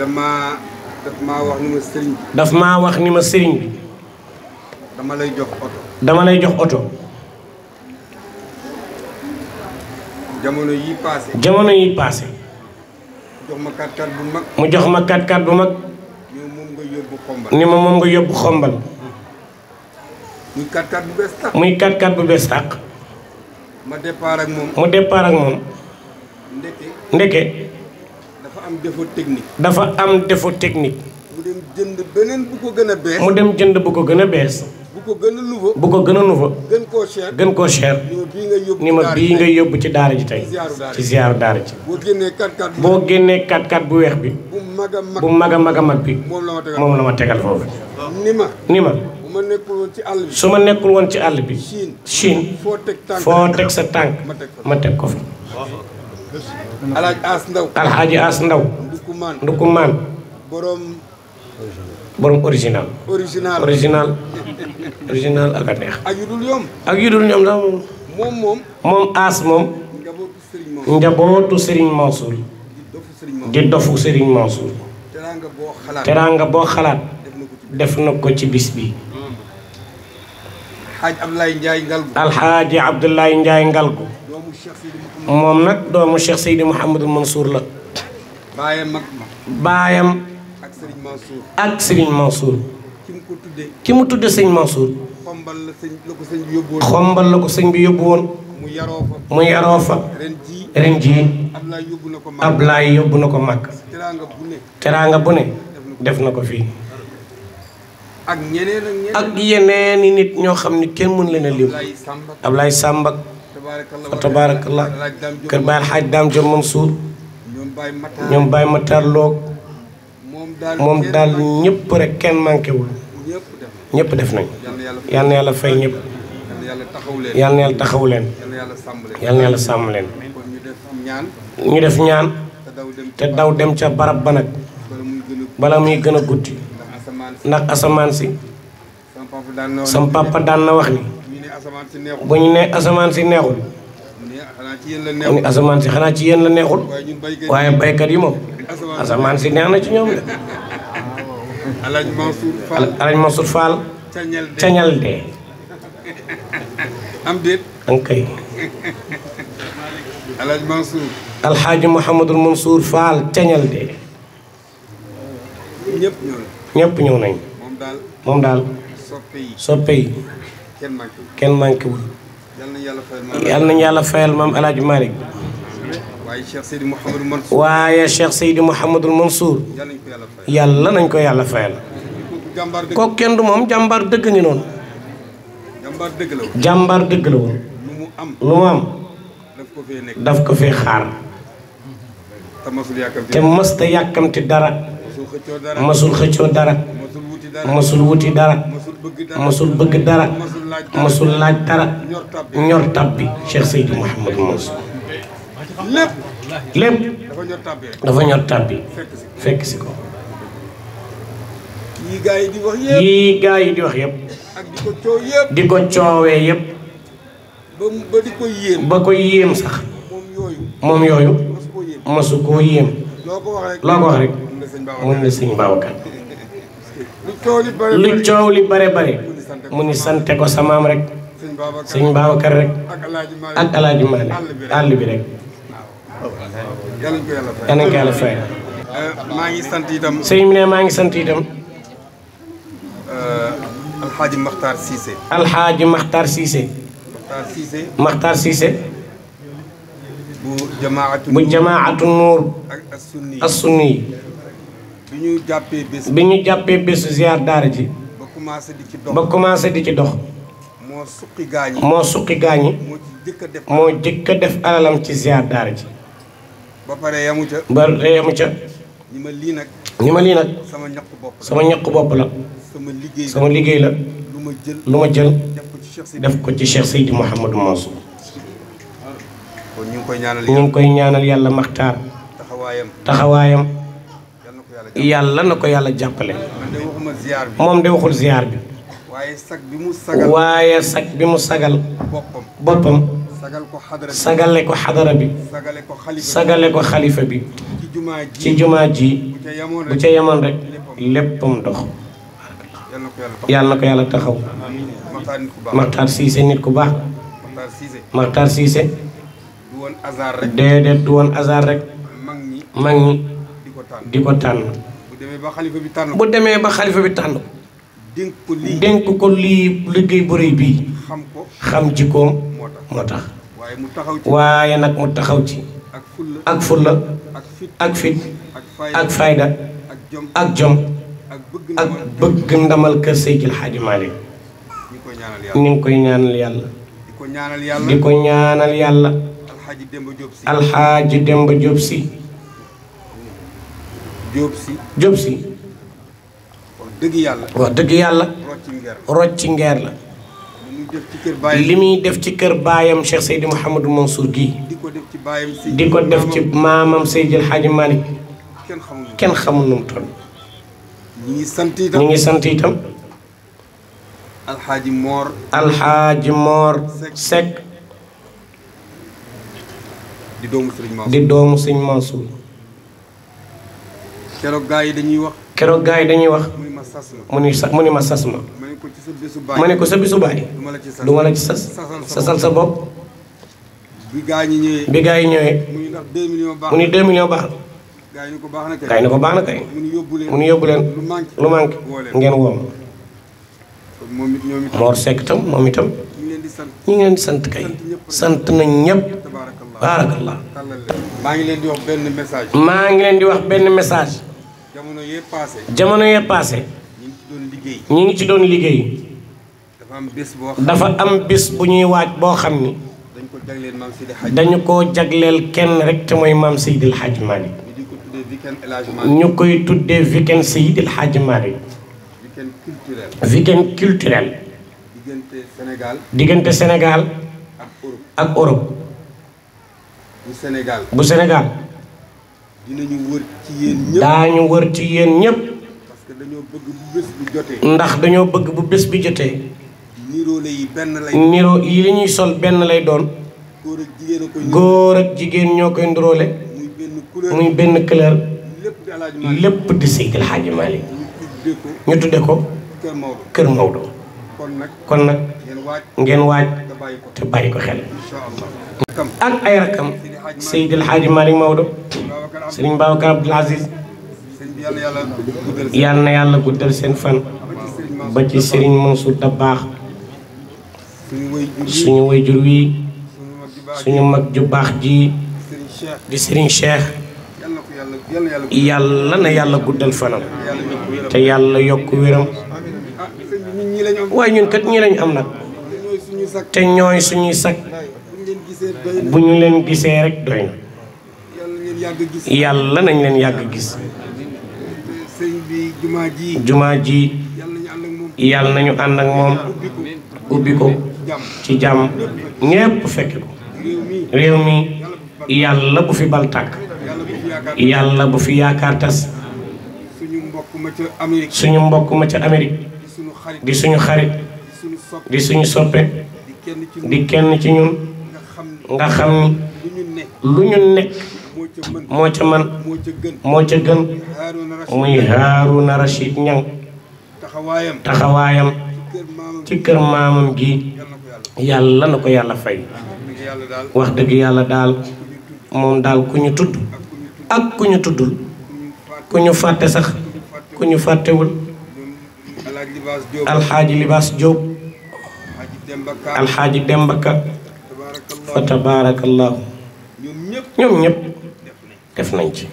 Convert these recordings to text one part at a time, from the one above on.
dama daf wax ni ma sëriñ bi. daf maa wax ni ma sëriñ bi. dama lay jox oto. dama lay jox oto. jamono yi paase. jamono yi paase. mu jox ma kàttan bu mag. ni ma moom nga yóbbu xombal. muy kàttan bu bu bees tàq. ma départ ak moom. mu départ ak moom. ndeke. ndeke. am défaut technique. dafa am défaut technique. mu dem jënd beneen bu ko gën a bees. mu dem jënd bu ko gën a bees. bu ko gën a nouveau. bu gën a nouveau. gën koo cher. gën koo cher. ni ma bii nga yóbbu ci daara ji tey. ci ziyaaru daara ji. boo génnee 4-4 boo génnee 4-4 bu weex bi. bu mag a mag bu mag a mag a mag bi. moom la ma tegal foofu. ni ma ni ma. su ma nekkul woon ci àll bi. su ma nekkul woon ci àll bi. Chine. Chine foo teg sa tànk ma teg ko fa. alaaj as ndaw alxaaji as ndaw ndukumaan borom borom original original original original ak neex ak yudul ñom ak yudul ñom ñoom mom mom mom as mom. njabootu Serigne Mansour di dofu Serigne Mansour teranga bo xalat def nako ci bis bi alxaaji Abdoulaye Ndiaye Ngalgu alxaaji Abdoulaye Ndiaye Ngalgu moom nag doomu Cheikh Seydi Mouhamadul Mansour la. baayam ma. baayam. ak Serigne Mansour. ak Serigne Mansour. ki mu ko tuddee. ki sëñ Mansour. xombal la ko sëñ yóbbu woon. mu yaroo fa. mu yaroo fa. yóbbu na ko Màkk. Ablaye yóbbu na ko Màkk. teraanga bu na ko fii. ak ñeneen ak yeneen i nit ñoo xam ne kenn mën leen lim. Ablaye Sàmb ak fa tabarakallah kër Baay Alxaaj Jom Mansour ñoom Baay Matar Loog moom daal ñëpp rek kenn manqué wul ñëpp def nañ yal na yàlla fay ñëpp yal na yàlla taxaw leen yal na yàlla sàmm ñu def ñaan te daw dem ca barab ba nag bala muy gën a guddi ndax si sam papa na wax ni bu ñu ne asamaan si neexul mu ni asamaan si xanaa ci yéen la neexul waaye baykat yi moom asamaan si neex na ci ñoom de alaaj Mansour Fall cañal de am déet ankay alaaj Mansour alxaaji cañal de ñëw nañ moom daal soppe yi kenn manqué wul yal nañu yàlla fayal maam El Hadj Malick waaye Cheikh Seydi Mouhamadul Mansour yàlla nañ ko yàlla fayal kooku kenn du moom jàmbaar dëgg ngi noonu jàmbaar dëgg la woon lu mu am daf ko fee xaar te masta yàkkamti dara masul xëccoo dara masul wuti dara masul bëgg dara masul laaj dara ñor tab bi Cheikh Seydou Mouhamed Mansour lépp lépp dafa ñor tab fekk si ko yii gaa yi di wax yëpp di ko coowee yëpp ba ko yéem sax moom yooyu masu koo yéem loo ko wax rek mu ni sëñ Babacar lu coow li bare bare mu ni sante ko samaam rek sëñ Babacar rek ak alaaji Maalik àll bi rek yàlla ko yàlla fay maa ngi sant itam sëñ bi ne maa ngi sant itam alxaaji Maxtaar Siise alxaaji bu jamaatu nuur ak sunni biñu jappé jàppee ziar daara ji. ba commencé di ci dox mo def alalam ci ziar daara ji. ba paré yamu ca. ba pare yamu ca. ñima li nak sama bop sama liggéey sama lu jël def ko ci Cheikh Seydi mohammed Mansour. ñu koy ñaanal ñu yàlla na ko yàlla jàppale. moom de waxul ziar bi. waaye sag bi mu sagal waaye bi mu sagal. boppam. sagale ko xadara bi. sagale ko xalifa bi. ci jumaa ji bu ca yamoon rek léppam dox. yàlla na ko yàlla taxaw. Maxtaar Siise nit ku baax. Maxtaar Siise. déedéet du woon hasard rek. mag ñi. di ko tànn. bu demee ba xalifa bi tànn bu demee ba xalifa bi tànn. dénk ko lii dénk ko lii liggéey bu rëy bii. xam ko xam jikkoom moo tax. waaye mu taxaw ci waaye nag mu taxaw ci. ak fulla ak fulla ak fit ak fayda ak jom ak bëgg ndamal kër Seydil Hadji Malick ni ngi koy ñaanal yàlla di ko ñaanal yàlla alxaaji demb Diop si job si job si wax dëgg wax def ci kër baayam Cheikh Seydi Mouhamadou Mansour gii di ko def ci mamam Seydi El Hadji Malick kenn xamul nu mu toll ñu ngi sant itam ñu ngi sant itam alxaaji moor di doomu sëriñ Mansour keroog gaa yi dañuy wax. keroog yi dañuy wax. mu ni sax mu ni ma sas ma. ma ne ko sa bisu baay. du ma la ci sas sasal sa bopp. bi gaa yi ñëwee. bi yi ñëwee. mu ni 2 millions baax gaa yi ni ko baax na kay gaa yi ni ko baax na kay. mu ni yóbbu leen lu manqué ngeen woom. Mor Seck itam moom itam. ñu ngi leen di sant kay sant nañ ñëpp baarakallah maa ngi leen di wax benn message. maa ngi leen di wax benn message. jamono yee paase. jamono yee ngi ci doon liggéey. ñu ngi dafa am bés boo bu ñuy waaj boo xam ni. dañu ko jagleel maam Seydi Hadj. dañu ko jagleel kenn rek te mooy maam Seydil Hadj Malick. ñu koy tuddee weekend Seydil Hadj Malick. weekend culturel. weekend culturel. diggante Sénégal. ak Europe. ak Europe. bu bu Sénégal. dinañu wër ci yéen ñëpp que dañoo bëgg ndax dañoo bëgg bu bés bi jotee. niroo yi benn lay. niroo yi li sol benn lay doon. góor ak jigéen ñoo koy ndiroole muy benn couleur muy benn lépp di Seydil Hadji Malick. ñu tudde ko Kër Maodo. kon nag ngeen waaj te bàyyi ko xel. ak ay rakam Seydil Hadji Malick Maodo. Sering Babacar Abdoul Aziz yalla na guddal sen fan ba ci sëriñ Mansour Dabakh suñu wayjur wi suñu mag ju bax ji di sëriñ Cheikh yalla na yalla guddal fanam te yalla yok wiram way ñun kat ñi lañ am nak te ñoy suñu sak buñu leen rek doyna yàlla nañ leen yàgg gis jumaa ji yàlla nañu ànd ak moom ubbi ko ci jàmm ñépp fekk ko réew mi yàlla bu fi bal tàkk yàlla bu fi yaakaar tas suñu mbokk ma ca Amérique di suñu xarit di suñu soppe di kenn ci ñun nga xam lu ñu nekk mo ci man mo ci gën muy Haaruna rashid Ñang taxawayam ci kër mamam gi yalla nako ko fay wax deug yalla dal dal ku tudd ak ku ñu tuddul ku ñu fàtte sax ku ñu fàttewul alxaaji libaas jóob dembaka fa ñep ñom ñep def nañ ci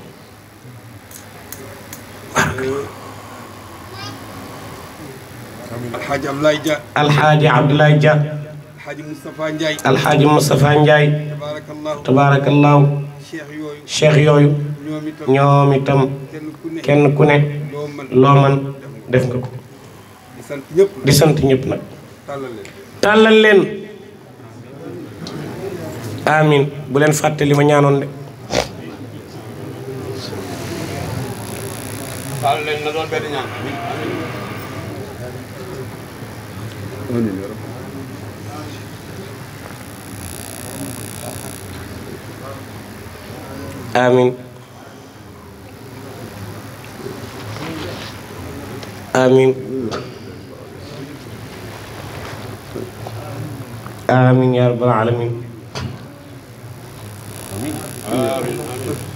alxaaji Abdoulaye Dia alxaaji Abdoulaye Dia alxaaji Moustapha yooyu ñoom itam kenn ku ne loo def nga ko di sant ñëpp nag tàllal leen bu leen fàtte li ma ñaanoon de آمين آمين آمين يا رب العالمين آمين آمين,